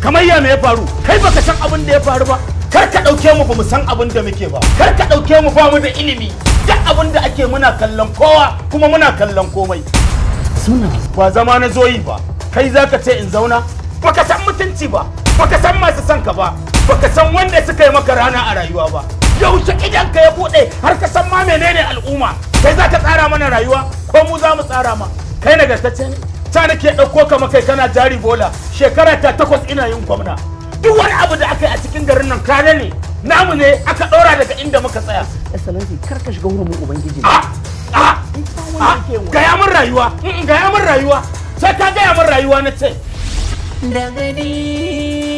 kamar ya me ya faru kai baka san abin da ya faru ba kar ka dauke mu ba mu san abin da muke ba kar ka dauke mu ba mu da ilimi duk abin da ake muna kallon kowa kuma muna kallon komai suna ba zama na zoyi ba kai zaka ce in zauna baka san mutunci ba baka san masu son ka ba baka san wanda suka yi maka rana a rayuwa ba yaushe idan ka ya bude har ka san ma menene al'umma kai zaka tsara mana rayuwa ko mu za mu tsara ma kai nagartacce ne ta nake ɗauko kama makai kana jari bola shekara ta takwas ina yin gwamna duk wani abu da aka yi a cikin garin nan kare ne namu ne aka ɗora daga inda muka tsaya excellency kar ka shiga hurumin ubangiji ah! ah! a a ah! gaya min rayuwa gaya min rayuwa sai ka gaya min rayuwa na ce da gani